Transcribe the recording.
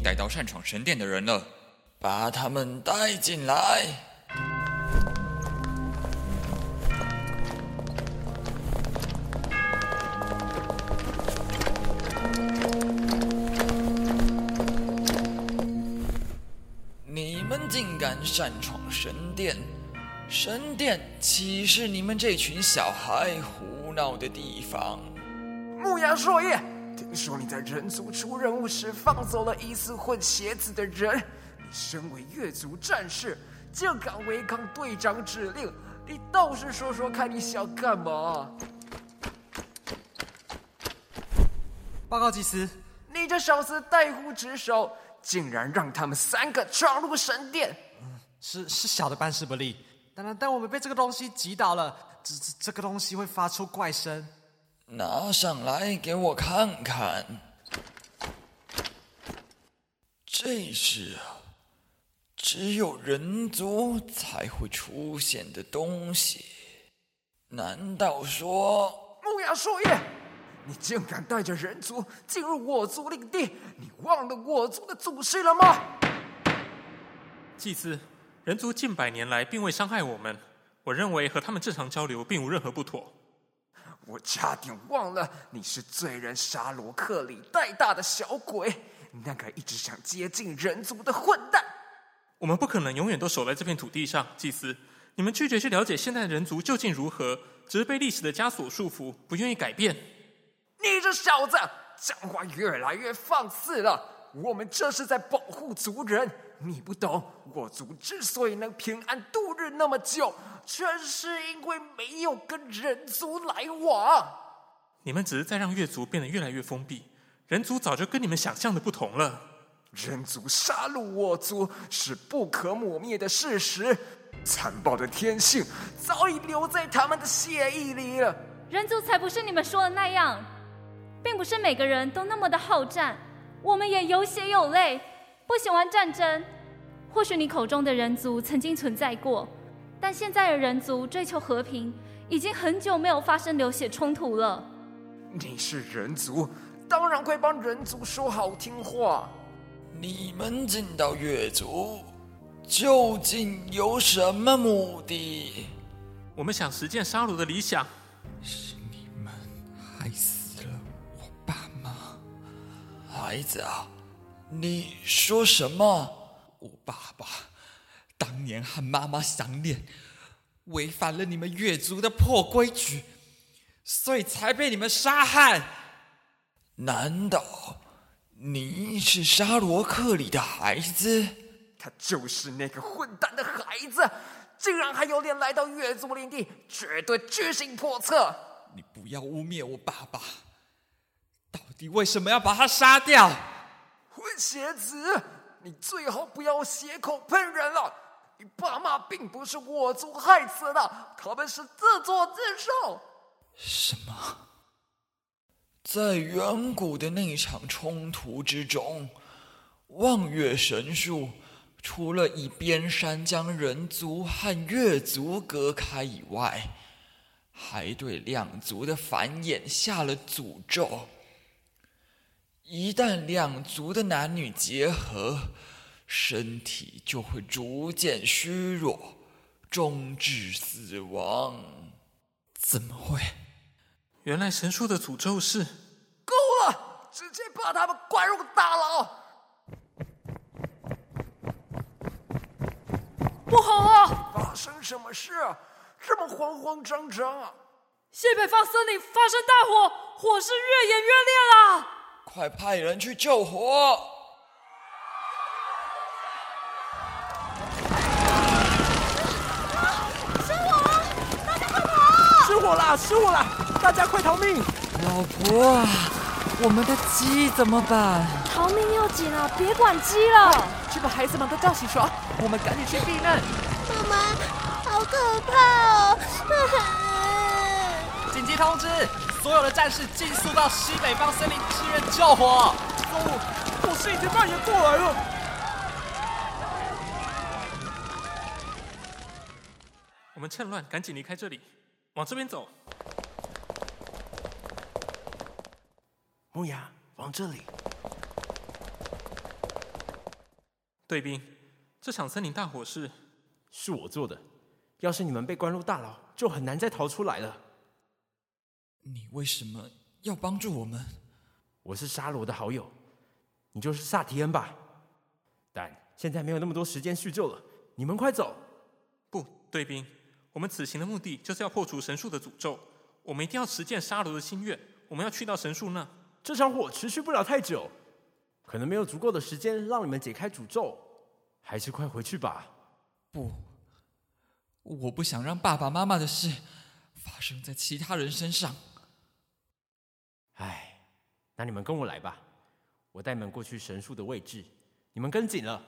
逮到擅闖神殿的人了，把他們帶進來！你們竟敢擅闖神殿，神殿，神殿豈是你們這群小孩胡鬧的地方？牧羊朔夜。聽說你在人族出任務時放走了疑似混血子的人，你身為月族戰士竟敢違抗隊長指令，你倒是說說看你想幹嘛？報告祭司，你這小子怠忽職守，竟然讓他們三個闖入神殿！嗯、是是小的辦事不力，當然但我們被這個東西擊倒了，這這個東西會發出怪聲。拿上來給我看看，這是、啊、只有人族才會出現的東西。難道說木牙樹葉，你竟敢帶着人族進入我族領地？你忘了我族的祖師了嗎？祭司，人族近百年來並未傷害我們，我認為和他們正常交流並無任何不妥。我差點忘了，你是罪人沙羅克里帶大的小鬼，那個一直想接近人族的混蛋。我們不可能永遠都守在這片土地上，祭司。你們拒絕去了解現代人族究竟如何，只是被歷史的枷鎖束縛，不願意改變。你這小子，講話越來越放肆了。我們這是在保護族人。你不懂，我族之所以能平安度日那麼久，全是因為沒有跟人族來往。你們只是在讓月族變得越來越封閉，人族早就跟你們想象的不同了。人族殺戮我族是不可磨滅的事實，殘暴的天性早已留在他們的血液裡了。人族才不是你們說的那樣，並不是每個人都那麼的好戰，我們也有血有淚。不喜歡戰爭，或許你口中的人族曾經存在過，但現在的人族追求和平，已經很久沒有發生流血衝突了。你是人族，當然會幫人族說好聽話。你們進到月族，究竟有什麼目的？我們想實踐殺戮的理想。是你們害死了我爸媽，孩子啊！你說什麼？我爸爸當年和媽媽相戀，違反了你們月族的破規矩，所以才被你們殺害。難道你是沙羅克里的孩子？他就是那個混蛋的孩子，竟然還有臉來到月族領地，絕對居心叵測。你不要污衊我爸爸，到底為什麼要把他殺掉？血子，你最好不要血口噴人了。你爸媽並不是我族害死的，他們是自作自受。什麼？在遠古的那場衝突之中，望月神樹除了以邊山將人族和月族隔開以外，還對兩族的繁衍下了詛咒。一旦兩族的男女結合，身體就會逐漸虛弱，終致死亡。怎麼會？原來神樹的詛咒是……夠了，直接把他們關入大牢！不好了，發生什麼事？這麼慌慌張張啊！西北方森林發生大火，火勢越演越烈了。快派人去救火！失火了，大家快跑！失火了，失火了，大家快逃命！老婆啊，我們的雞怎麼辦？逃命要緊啊，別管雞了，去把孩子們都叫起床，我們趕緊去避難。媽媽，好可怕哦！ 緊急通知，所有的戰士，盡速到西北方森林支援救火。哦，火勢已經蔓延過來了。我們趁亂趕緊離開這裡，往這邊走。木雅，往這裡。對，兵，這場森林大火是……是我做的。要是你們被關入大牢，就很難再逃出來了。你為什麼要幫助我們？我是沙羅的好友，你就是薩提恩吧？但現在沒有那麼多時間敘舊了，你們快走！不對，兵，我們此行的目的就是要破除神樹的詛咒，我們一定要實現沙羅的心願。我們要去到神樹那，這場火持續不了太久，可能沒有足夠的時間讓你們解開詛咒，還是快回去吧。不，我不想讓爸爸媽媽的事發生在其他人身上。唉，那你們跟我來吧，我帶你們過去神樹的位置，你們跟緊了。